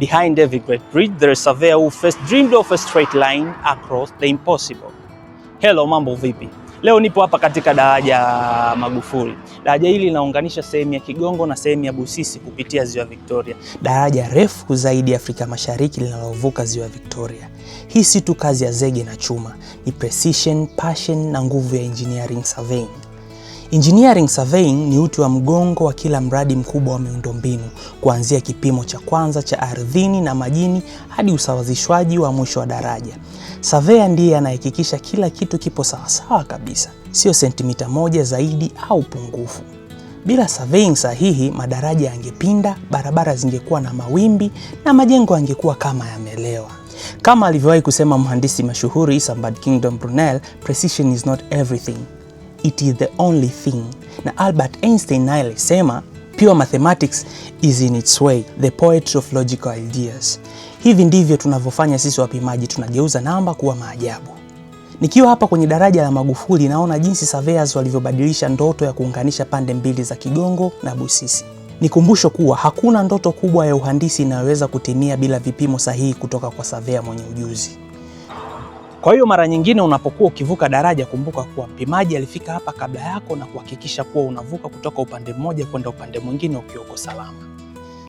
Behind every great bridge there is a surveyor who first dreamed of a straight line across the impossible. Hello, mambo vipi? Leo nipo hapa katika daraja Magufuli. Daraja hili linaunganisha sehemu ya Kigongo na sehemu ya Busisi kupitia ziwa Victoria, daraja refu zaidi Afrika Mashariki linalovuka ziwa Victoria. Hii si tu kazi ya zege na chuma, ni precision, passion na nguvu ya engineering surveying. Engineering surveying ni uti wa mgongo wa kila mradi mkubwa wa miundombinu, kuanzia kipimo cha kwanza cha ardhini na majini hadi usawazishwaji wa mwisho wa daraja. Surveyor ndiye anayehakikisha kila kitu kipo sawasawa kabisa, sio sentimita moja zaidi au pungufu. Bila surveying sahihi, madaraja yangepinda, barabara zingekuwa na mawimbi na majengo yangekuwa kama yamelewa. Kama alivyowahi kusema mhandisi mashuhuri Isambard Kingdom Brunel, precision is not everything it is the only thing. Na Albert Einstein naye alisema pure mathematics is in its way the poetry of logical ideas. Hivi ndivyo tunavyofanya sisi wapimaji, tunageuza namba kuwa maajabu. Nikiwa hapa kwenye daraja la Magufuli naona jinsi surveyors walivyobadilisha ndoto ya kuunganisha pande mbili za Kigongo na Busisi. Nikumbusho kuwa hakuna ndoto kubwa ya uhandisi inayoweza kutimia bila vipimo sahihi kutoka kwa surveyor mwenye ujuzi. Kwa hiyo mara nyingine unapokuwa ukivuka daraja, kumbuka kuwa mpimaji alifika hapa kabla yako na kuhakikisha kuwa unavuka kutoka upande mmoja kwenda upande mwingine ukiwa uko salama.